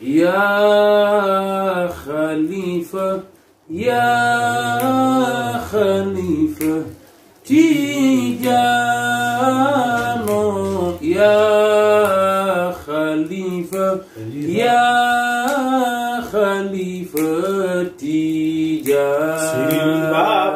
يا خليفة يا خليفة تيجانو يا خليفة يا خليفة تيجانو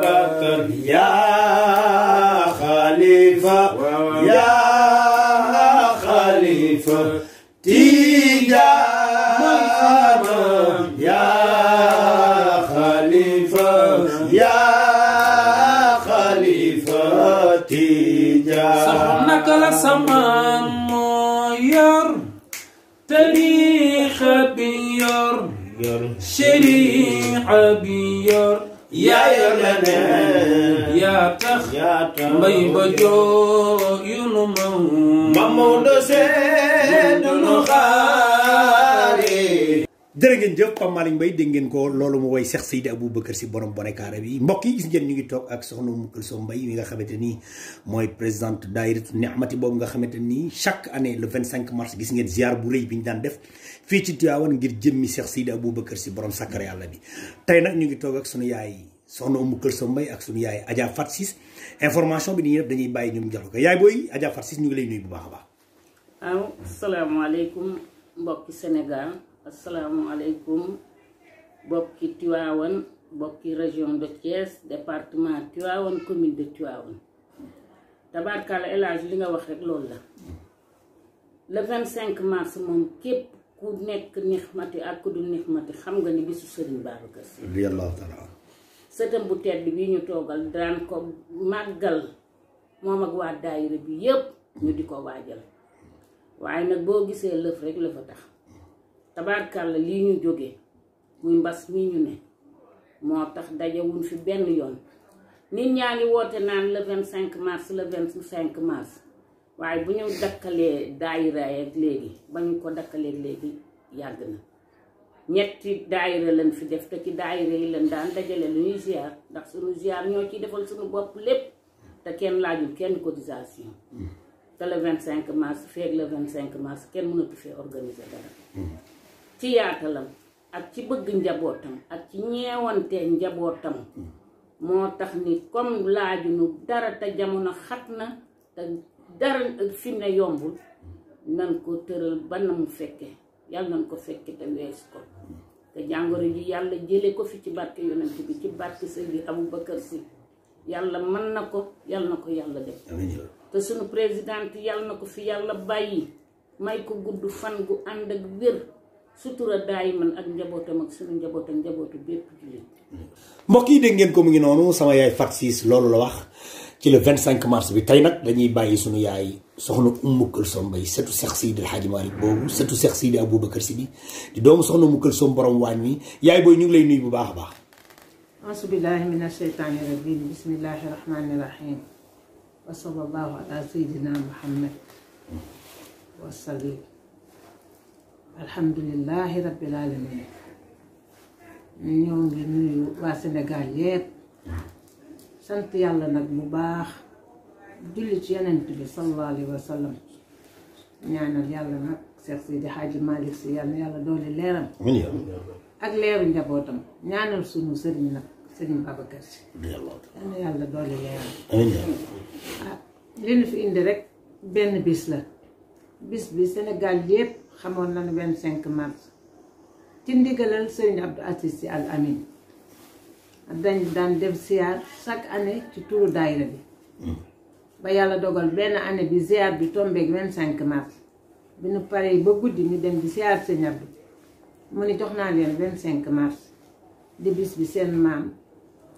خليفة يا خليفة تجاه صحنك لسمان ير تاريخ بير شريعة بير يا يرنا يا تخ مي بجو ينمو ممود سيد نخاف jërë ngeen jëf Pape Malick Mbaye dégg ngeen ko loolu mu woy Cheikh Seydi Aboubacar Sy borom bonekaara bi mbokk yi gis ngeen ñu ngi toog ak soxna Umu Kulsum Mbaye mi le 25 mars gis ngeen ziar bu rëy bi ñu daan def fii ci Tivaouane ngir bi tey nag ñu ngi toog ak sunu yaay soxna Umu Kulsum information bi ni def dañuy bàyyi ñoom jox ko yaay booy Adja Fatou Ciss ñu ngi lay bu baax a baax waaw salaamaaleykum mbokki Sénégal asalaamualeykum bokki Tiwaawan bokki région de Thiès département Tiwaawan commune de Tiwaawan tabarkaal elage li nga wax rek loolu la le 25 mars moom képp ku nekk nixmati ak ku dul nixmati xam nga ni bisu Sëriñ Babacar Sy radiyallaahu bu tedd bi ñu toogal daan ko màggal moom ak waa daayira bi yépp ñu di ko waajal waaye nag boo gisee lëf rek la fa tax tabaarkàlla lii ñu jóge muy mbas mi ñu ne moo tax dajewul fi benn yoon nit ñaa ngi woote naan le vingt cinq mars le vingt mars waaye bu ñu dakkalee daayira ak léegi ba ñu ko dakkalee léegi yàgg na ñetti daayira lañ fi def te ci daayira yi lañ daan dajale lu ñuy ziar ndax suñu ziar ñoo ciy defal suñu bopp lépp te kenn laajul kenn cotisation mm. te le vingt cinq mars feeg le vingt cinq mars kenn mënatu fee organiser dara mm. ci yaatalam ak ci bëgg njabootam ak ci ñeewantee njabootam moo tax ni comme laajunu dara te jamono xat na te dara fi ne yombul nan ko tëral ba na mu fekke yàlla nan ko fekke te wees ko te jàngoro ji yàlla jële ko fi ci barke yonent bi ci barke sëñ bi Aboubacar Sy yàlla mën na ko yàlla na ko yàlla def te sunu présidente yàlla ko fi yàlla bàyyi may ko gudd fan gu ànd ak wér sutura daay man ak njabootam ak suñu njaboot ak njabootu bépp jullit mbokk yi dégg ngeen ko mu ngi noonu sama yaay Fatou Ciss loolu la wax ci le 25 mars bi tey nag dañuy bàyyi suñu yaay soxna Umu Këlsom Mbay setu Seex Seydi Alxaaji Maalik boobu setu Seex Seydi Abubakar Si bi di doomu soxna Umu Këlsom borom waañ yaay booy ñu ngi lay nuyu bu baax a baax asubillahi min asheytaani rajim bismillahi rahmaani rahim wa sallallahu ala sayyidina muhammad wa alhamdulilahi rabbil alamin ñoo ngi nuyu waa Sénégal yépp sant yàlla nag bu baax julli ci yonent bi sallallahu alayhi wa ñaanal yàlla nag Cheikh Sidi Hadji Malick Sy yàlla yàlla doole leeram ak leeru njabootam ñaanal sunu sëriñ nag sëriñ Babacar Sy yàlla yàlla doole leeram ah, li ñu fi indi rek benn bis la bis bi Sénégal yépp xamoon nañu 25 mars ci ndigalal sëriñ Abdou Aziz Sy Al Amine dañ daan def ziar chaque année ci turu daayira bi hmm. ba yàlla dogal benn année bi ziar bi tombeeg 25 mars bi nu paree ba guddi ñu dem di ziar sëriñ Abdou mu ni jox naa leen 25 mars di bis bi seen maam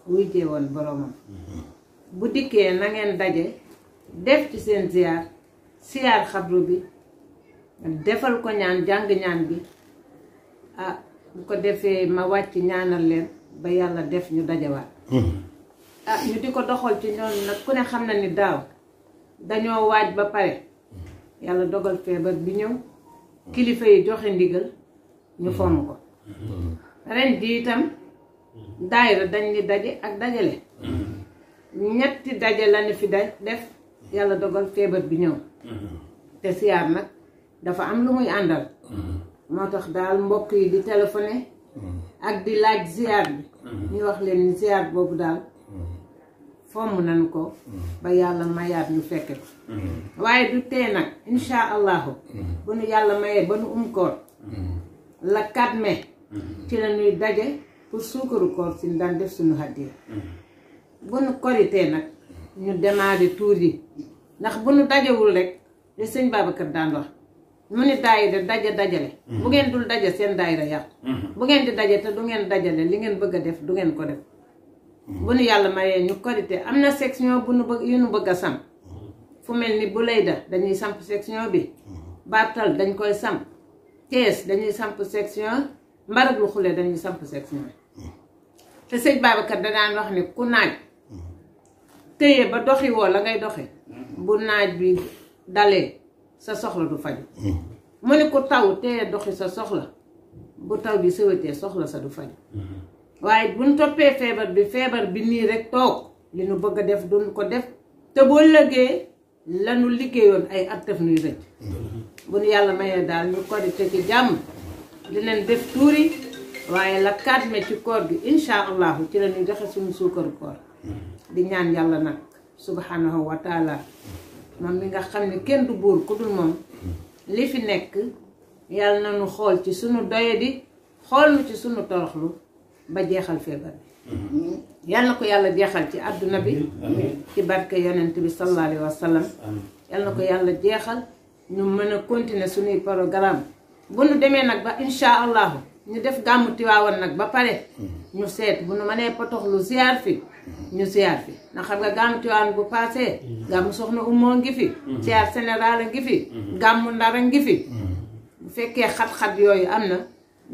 wujjee woon boromam hmm. bu dikkee na ngeen daje def ci seen ziar ziar xabru bi. defal ko ñaan jàng ñaan bi ah bu ko defee ma wàcc ñaanal leen ba yàlla def ñu dajawaat mm-hmm. ah ñu di ko doxal ci ñoom nag ku ne xam na ni daaw dañoo waaj ba pare mm-hmm. yàlla dogal feebar bi ñëw kilifa yi joxe ndigal ñu mm-hmm. fomm ko ren ji itam daayira dañ ni daje ak dajale ñetti daje lañu fi daj def yàlla dogal feebar bi ñëw te siyaar nag dafa am lu muy àndal mm-hmm. moo tax daal mbokk yi di téléphoné mm-hmm. ak di laaj ziar bi mm-hmm. ñu wax leen ni ziar boobu daal fomm nañu ko ba yàlla mayaat ñu fekke waaye du tee nag insha allahu bu nu yàlla mayee ba nu um koor la 4 mai ci la ñuy daje pour suukaru koor si daan def suñu hàddiya bu nu koritee nag ñu démarré tuur yi ndax bu nu dajewul rek li sëñ Babacar daan wax mu ni daayira daje dajale mhm. bu ngeen dul daje seen daayira yàq mhm. bu ngeen di daje te du ngeen dajale li ngeen bëgg a def du ngeen ko def mhm. bu nu yàlla mayee ñu korité am na section bu nu bëgg yu nu bëgg a sam fu mel ni bu lay da dañuy samp section bi Batal dañ koy samp Thiès dañuy samp section mbarag lu xule dañuy samp section te sëñ Babacar da daan wax ni ku naaj téye ba doxi woo la ngay doxi bu naaj bi dalee sa soxla du faju mu hmm. ne ko taw tee doxi sa soxla bu taw bi sëwatee soxla sa du faju hmm. waaye buñ toppee feebar bi feebar bi nii rek toog li nu bëgg a def duñ ko def te boo lëgee lanu liggéeyoon ay at nuy rëcc hmm. bu nu yàlla mayee daal ñu korite ci jàmm dinañ def tuuri waaye la kaat me ci koor gi incha allahu ci la ñuy joxe suñu suukar koor di ñaan yàlla nag subhanahu wa moom bi nga xam ne kenn du buur ku dul moom mm-hmm. li fi nekk yàlla na nu xool ci sunu doyadi xool na ci sunu toroxlu ba jeexal feebar bi mm-hmm. yàlla na ko yàlla jeexal ci àdduna bi ci barke yonent bi sallallahu alayhi wa na ko yàlla jeexal ñu mën a continuer suñuy programme bu nu demee nag ba insha allahu ñu def gàmmu Tiwaawan nag ba pare mhm. ñu seet bu nu mënee potoxlu ziar fi mhm. ñu ziar fi ndax xam nga gàmmu Tiwaawan bu paasee mhm. gàmmu soxna Umoo ngi fi ziar général a ngi fi gàmmu Ndar ngi fi bu fekkee xat-xat yooyu am na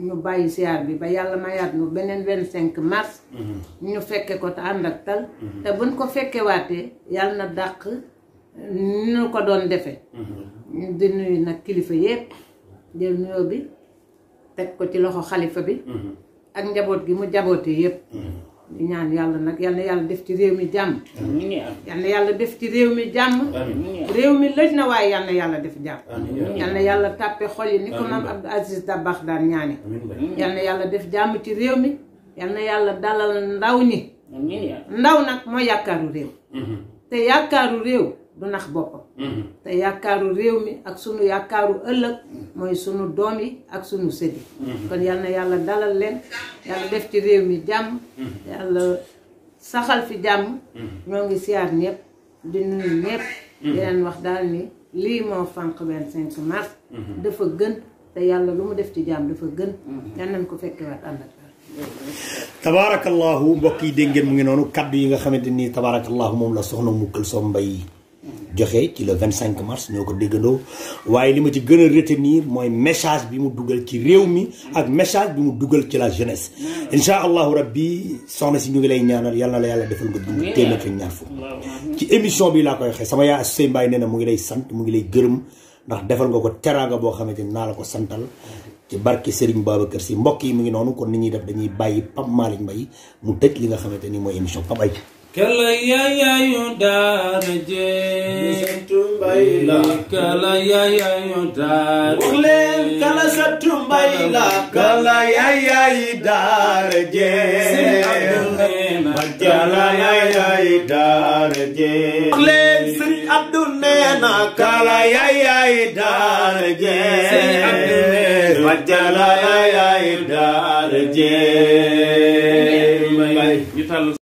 ñu bàyyi ziar bi ba yàlla mayaat nu beneen vingt-cinq mars ñu fekkee ko te ànd ak tal te buñ ko fekke waatee yàlla na dàq ni ñu ko doon defe di nuyu nag kilifa yépp jël nuyoo bi teg ko ci loxo xalifa bi mhm. ak njaboot gi mu jaboote yëpp mhm. di ñaan yàlla nag yal yàlla def ci réew mi jàmm yal yàlla def ci réew mi jàmm réew mi lëj na waaye yal yàlla def jàmm yal yàlla tàppe xol yi ni ko maam Abdou Aziz Dabakh daan ñaane yàlla def jàmm ci réew mi yal yàlla dalal ndaw ñi ndaw nag moo yaakaaru réew mhm. te yaakaaru réew du nax boppam Mm-hmm. te yaakaaru réew mi ak sunu yaakaaru ëllëg mooy sunu doom yi ak sunu sët yi mm-hmm. kon yal na yàlla dalal leen yàlla def ci réew mi jàmm mm-hmm. yàlla saxal fi jàmm ñoo ngi siyaar ñëpp di nuyu ñëpp di leen wax daal ni lii moo fànq 25 mars dafa gën te yàlla lu mu def ci jàmm dafa gën yal nañ ko fekkee waat ànd ak tabaarakallahu mbokk yi dégg mu ngi noonu kàddu yi nga xamante nii tabaarakallahu moom la soxna mu Këlsom Mbay joxe ci le 25 mars ñoo ko déggandoo waaye li ma ci gën a retenir mooy message bi mu dugal ci réew mi ak message bi mu dugal ci la jeunesse incha allahu rabbi soxna si ñu ngi lay ñaanal yàlla na la yàlla defal nga dund téeméer ak ñaar fukk ci émission bi laa koy waxee sama yaay Sey Mbaye nee mu ngi lay sant mu ngi lay gërëm ndax defal nga ko teraanga boo xamante ni naa la ko santal ci barke Serigne Babacar si mbokk yi mu ngi noonu kon ni ñuy def dañuy bàyyi Pape Malick mu tëj li nga xamante ni mooy émission Pape ay bayla kala yaya yo daare wax leen kala sattu bayla kala yaya yi daare je kala yaya yi daare je wax leen sëriñ Abdu neena kala yaya yi daare je kala yaya yi daare je